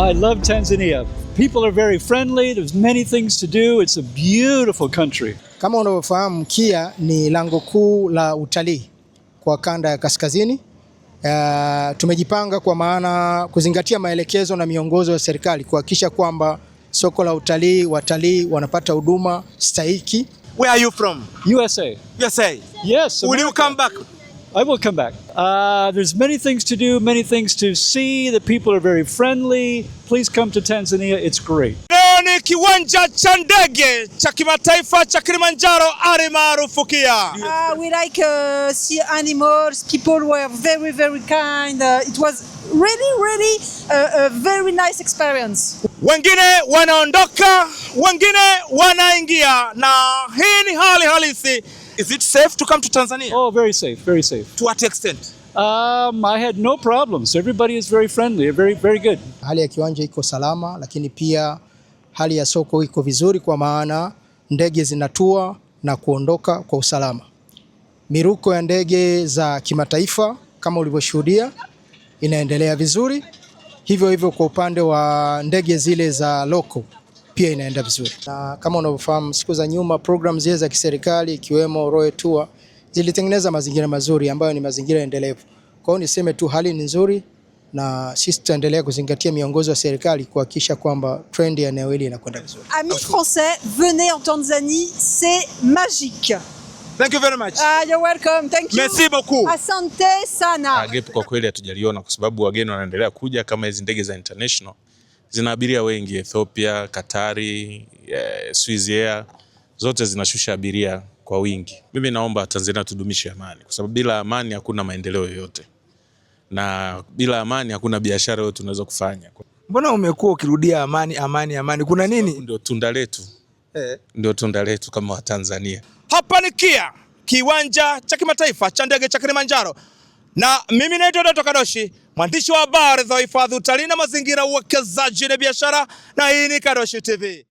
I love Tanzania. People are very friendly. There's many things to do. It's a beautiful country. Kama unavyofahamu, Kia ni lango kuu la utalii kwa kanda ya kaskazini. Uh, tumejipanga kwa maana kuzingatia maelekezo na miongozo ya serikali kuhakikisha kwamba soko la utalii, watalii wanapata huduma stahiki. Where are you from? USA. USA. Yes. Will you come back? I will come back. Uh, there's many things to do, many things to see. The people are very friendly. Please come to Tanzania. It's great. Leo ni kiwanja cha ndege cha kimataifa cha Kilimanjaro ari maarufu kia. Ah, we like uh, see animals. People were very very kind. Uh, it was really really a, uh, a very nice experience. Wengine wanaondoka, wengine wanaingia na Is it safe to come to Tanzania? Oh, very safe, very safe. To what extent? Um, I had no problems. Everybody is very friendly, very, very good. Hali ya kiwanja iko salama, lakini pia hali ya soko iko vizuri kwa maana ndege zinatua na kuondoka kwa usalama. Miruko ya ndege za kimataifa kama ulivyoshuhudia inaendelea vizuri. Hivyo hivyo kwa upande wa ndege zile za loko pia inaenda vizuri, na kama unavyofahamu, siku za nyuma program zile za kiserikali ikiwemo Royal Tour zilitengeneza mazingira mazuri ambayo ni mazingira endelevu. Kwa hiyo niseme tu hali ni nzuri, na sisi tutaendelea kuzingatia miongozo ya serikali kuhakikisha kwamba trend ya eneo hili inakwenda vizuri. Ami français, venez en Tanzanie, c'est magique. Thank you very much. Ah, you're welcome. Thank you. Merci beaucoup. Asante sana. Ah, Gap kwa kweli hatujaliona kwa sababu wageni wanaendelea kuja kama hizi ndege za international zina abiria wengi Ethiopia, Katari, eh, zote zinashusha abiria kwa wingi. Mimi naomba Tanzania tudumishe amani, kwa sababu bila amani hakuna maendeleo yoyote, na bila amani hakuna biashara yoyote tunaweza kufanya. Mbona umekuwa ukirudia amani, amani, amani? Kuna nini? Ndio tunda letu eh, ndio tunda letu kama Watanzania. Hapa ni KIA, kiwanja cha kimataifa cha ndege cha Kilimanjaro. Na mimi naitwa Doto Kadoshi, mwandishi wa habari za uhifadhi, utalii na mazingira, uwekezaji na biashara, na hii ni Kadoshi TV.